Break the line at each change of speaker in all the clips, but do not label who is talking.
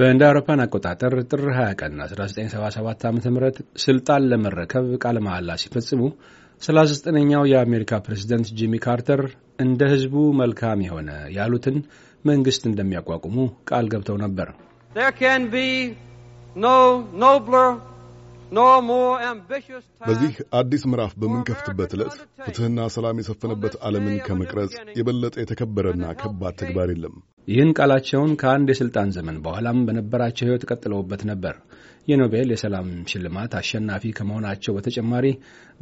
በእንደ አውሮፓን አቆጣጠር ጥር 20 ቀን 1977 ዓ ም ስልጣን ለመረከብ ቃለ መሐላ ሲፈጽሙ 39ኛው የአሜሪካ ፕሬዚደንት ጂሚ ካርተር እንደ ሕዝቡ መልካም የሆነ ያሉትን መንግሥት እንደሚያቋቁሙ ቃል
ገብተው ነበር። በዚህ አዲስ ምዕራፍ በምንከፍትበት ዕለት ፍትሕና ሰላም የሰፈነበት ዓለምን ከመቅረጽ የበለጠ የተከበረና ከባድ ተግባር የለም። ይህን ቃላቸውን ከአንድ የሥልጣን
ዘመን በኋላም በነበራቸው ሕይወት ቀጥለውበት ነበር። የኖቤል የሰላም ሽልማት አሸናፊ ከመሆናቸው በተጨማሪ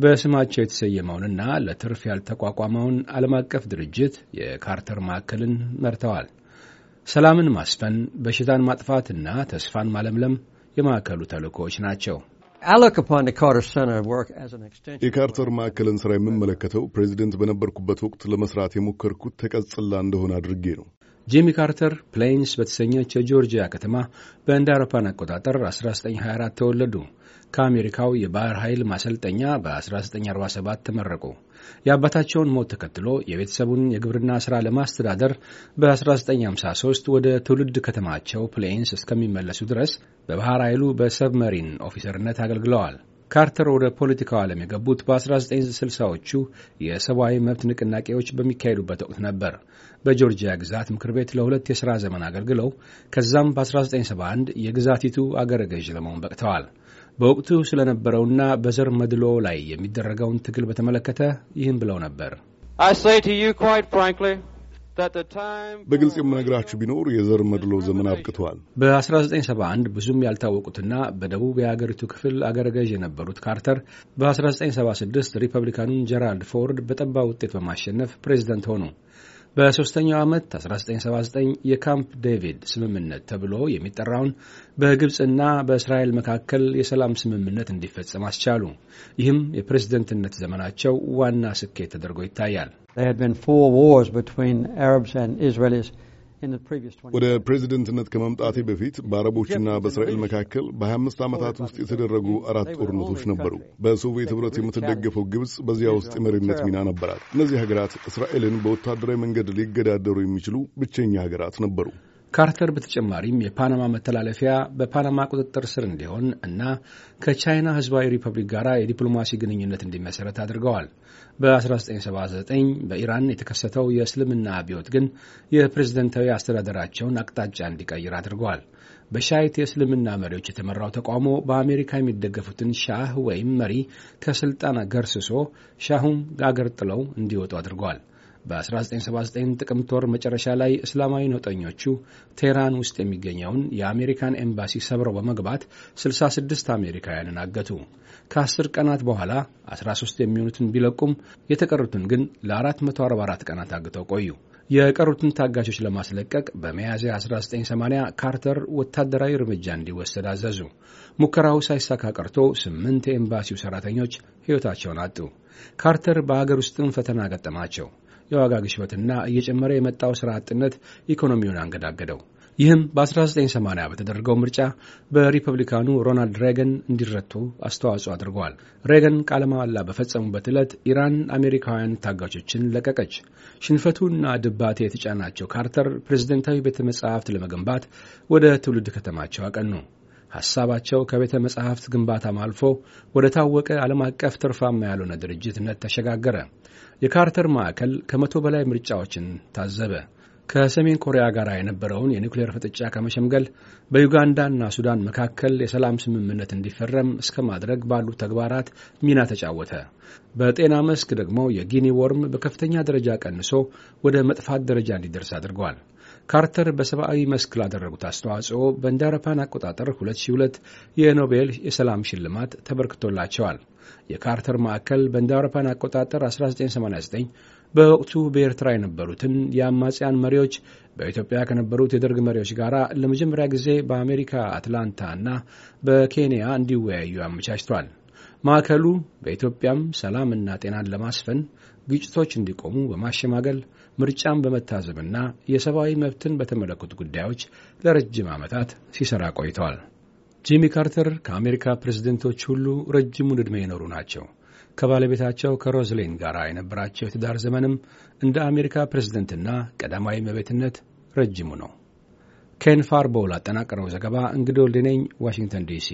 በስማቸው የተሰየመውንና ለትርፍ ያልተቋቋመውን ዓለም አቀፍ ድርጅት የካርተር ማዕከልን መርተዋል። ሰላምን ማስፈን፣ በሽታን ማጥፋትና ተስፋን ማለምለም የማዕከሉ ተልእኮዎች ናቸው።
የካርተር ማዕከልን ስራ የምመለከተው ፕሬዚደንት በነበርኩበት ወቅት ለመስራት የሞከርኩት ተቀጽላ እንደሆነ አድርጌ ነው። ጂሚ ካርተር ፕሌይንስ በተሰኘች
የጆርጂያ ከተማ በእንደ አውሮፓን አቆጣጠር 1924 ተወለዱ። ከአሜሪካው የባህር ኃይል ማሰልጠኛ በ1947 ተመረቁ። የአባታቸውን ሞት ተከትሎ የቤተሰቡን የግብርና ሥራ ለማስተዳደር በ1953 ወደ ትውልድ ከተማቸው ፕሌንስ እስከሚመለሱ ድረስ በባህር ኃይሉ በሰብመሪን ኦፊሰርነት አገልግለዋል። ካርተር ወደ ፖለቲካው ዓለም የገቡት በ1960ዎቹ የሰብአዊ መብት ንቅናቄዎች በሚካሄዱበት ወቅት ነበር። በጆርጂያ ግዛት ምክር ቤት ለሁለት የሥራ ዘመን አገልግለው ከዛም በ1971 የግዛቲቱ አገረ ገዥ ለመሆን በቅተዋል። በወቅቱ ስለነበረውና በዘር መድሎ ላይ የሚደረገውን ትግል በተመለከተ ይህን ብለው ነበር።
በግልጽ የምነግራችሁ ቢኖር የዘር መድሎ ዘመን አብቅተዋል።
በ1971 ብዙም ያልታወቁትና በደቡብ የአገሪቱ ክፍል አገረ ገዥ የነበሩት ካርተር በ1976 ሪፐብሊካኑን ጀራልድ ፎርድ በጠባ ውጤት በማሸነፍ ፕሬዚደንት ሆኑ። በሶስተኛው ዓመት 1979 የካምፕ ዴቪድ ስምምነት ተብሎ የሚጠራውን በግብፅና በእስራኤል መካከል የሰላም ስምምነት እንዲፈጸም አስቻሉ። ይህም የፕሬዝደንትነት ዘመናቸው ዋና ስኬት ተደርጎ ይታያል።
ወደ ፕሬዚደንትነት ከመምጣቴ በፊት በአረቦችና በእስራኤል መካከል በ25 ዓመታት ውስጥ የተደረጉ አራት ጦርነቶች ነበሩ። በሶቪየት ኅብረት የምትደገፈው ግብፅ በዚያ ውስጥ የመሪነት ሚና ነበራት። እነዚህ ሀገራት እስራኤልን በወታደራዊ መንገድ ሊገዳደሩ የሚችሉ ብቸኛ ሀገራት ነበሩ። ካርተር በተጨማሪም
የፓናማ መተላለፊያ በፓናማ ቁጥጥር ስር እንዲሆን እና ከቻይና ህዝባዊ ሪፐብሊክ ጋር የዲፕሎማሲ ግንኙነት እንዲመሠረት አድርገዋል። በ1979 በኢራን የተከሰተው የእስልምና አብዮት ግን የፕሬዝደንታዊ አስተዳደራቸውን አቅጣጫ እንዲቀይር አድርገዋል። በሻይት የእስልምና መሪዎች የተመራው ተቃውሞ በአሜሪካ የሚደገፉትን ሻህ ወይም መሪ ከስልጣን ገርስሶ ሻሁም አገር ጥለው እንዲወጡ አድርገዋል። በ1979 ጥቅምት ወር መጨረሻ ላይ እስላማዊ ነውጠኞቹ ቴህራን ውስጥ የሚገኘውን የአሜሪካን ኤምባሲ ሰብረው በመግባት 66 አሜሪካውያንን አገቱ። ከ10 ቀናት በኋላ 13 የሚሆኑትን ቢለቁም የተቀሩትን ግን ለ444 ቀናት አግተው ቆዩ። የቀሩትን ታጋቾች ለማስለቀቅ በሚያዝያ 1980 ካርተር ወታደራዊ እርምጃ እንዲወሰድ አዘዙ። ሙከራው ሳይሳካ ቀርቶ ስምንት የኤምባሲው ሠራተኞች ሕይወታቸውን አጡ። ካርተር በአገር ውስጥም ፈተና ገጠማቸው። የዋጋ ግሽበትና እየጨመረ የመጣው ስራ አጥነት ኢኮኖሚውን አንገዳገደው። ይህም በ1980 በተደረገው ምርጫ በሪፐብሊካኑ ሮናልድ ሬገን እንዲረቱ አስተዋጽኦ አድርገዋል። ሬገን ቃለ መሐላ በፈጸሙበት ዕለት ኢራን አሜሪካውያን ታጋቾችን ለቀቀች። ሽንፈቱና ድባቴ የተጫናቸው ካርተር ፕሬዝደንታዊ ቤተ መጻሕፍት ለመገንባት ወደ ትውልድ ከተማቸው አቀኑ። ሐሳባቸው ከቤተ መጻሕፍት ግንባታም አልፎ ወደ ታወቀ ዓለም አቀፍ ትርፋማ ያልሆነ ድርጅትነት ተሸጋገረ። የካርተር ማዕከል ከመቶ በላይ ምርጫዎችን ታዘበ። ከሰሜን ኮሪያ ጋር የነበረውን የኒውክሌር ፍጥጫ ከመሸምገል በዩጋንዳና ሱዳን መካከል የሰላም ስምምነት እንዲፈረም እስከ ማድረግ ባሉ ተግባራት ሚና ተጫወተ። በጤና መስክ ደግሞ የጊኒ ወርም በከፍተኛ ደረጃ ቀንሶ ወደ መጥፋት ደረጃ እንዲደርስ አድርጓል። ካርተር በሰብአዊ መስክ ላደረጉት አስተዋጽኦ በእንደ አቆጣጠር 2002 የኖቤል የሰላም ሽልማት ተበርክቶላቸዋል። የካርተር ማዕከል በእንደ አቆጣጠር 1989 በወቅቱ በኤርትራ የነበሩትን የአማጽያን መሪዎች በኢትዮጵያ ከነበሩት የደርግ መሪዎች ጋር ለመጀመሪያ ጊዜ በአሜሪካ አትላንታ እና በኬንያ እንዲወያዩ አመቻችቷል። ማዕከሉ በኢትዮጵያም ሰላምና ጤናን ለማስፈን ግጭቶች እንዲቆሙ በማሸማገል ምርጫን በመታዘብና የሰብአዊ መብትን በተመለከቱ ጉዳዮች ለረጅም ዓመታት ሲሰራ ቆይተዋል። ጂሚ ካርተር ከአሜሪካ ፕሬዝደንቶች ሁሉ ረጅሙን ዕድሜ የኖሩ ናቸው። ከባለቤታቸው ከሮዝሌን ጋር የነበራቸው የትዳር ዘመንም እንደ አሜሪካ ፕሬዝደንትና ቀዳማዊ መቤትነት ረጅሙ ነው። ኬን ፋርቦል አጠናቀረው ዘገባ እንግዶ ልነኝ ዋሽንግተን ዲሲ